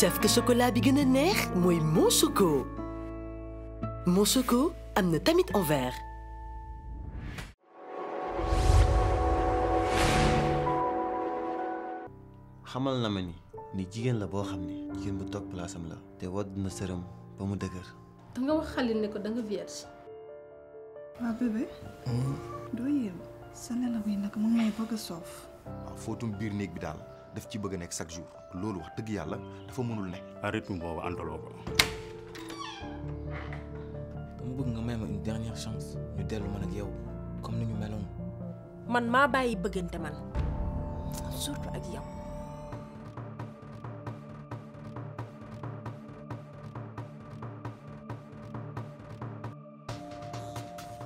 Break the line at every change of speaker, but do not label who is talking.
cafka chocolat bi gën a neex mooy Monchoco Monchoco am na tamit en
xamal na ma ni ni jigéen la boo xam ne jigéen bu toog palaasam la te wadd na sëram ba mu dëgër.
da wax Xalil ne ko da
nga vierge. waa bébé. Hmm? doo yéem sa nelaw nag mu ngi lay soof.
waaw fóotum biir néeg bi daal. daf ci bëgg a nekk chaque loolu wax dëgg yàlla dafa mënul ne. à rythme boobu antaloo ko.
bëgg nga may ma une ñu dellu man ak yow comme ni ñu meloon.
man maa bàyyi bëggante man surtout ak yow.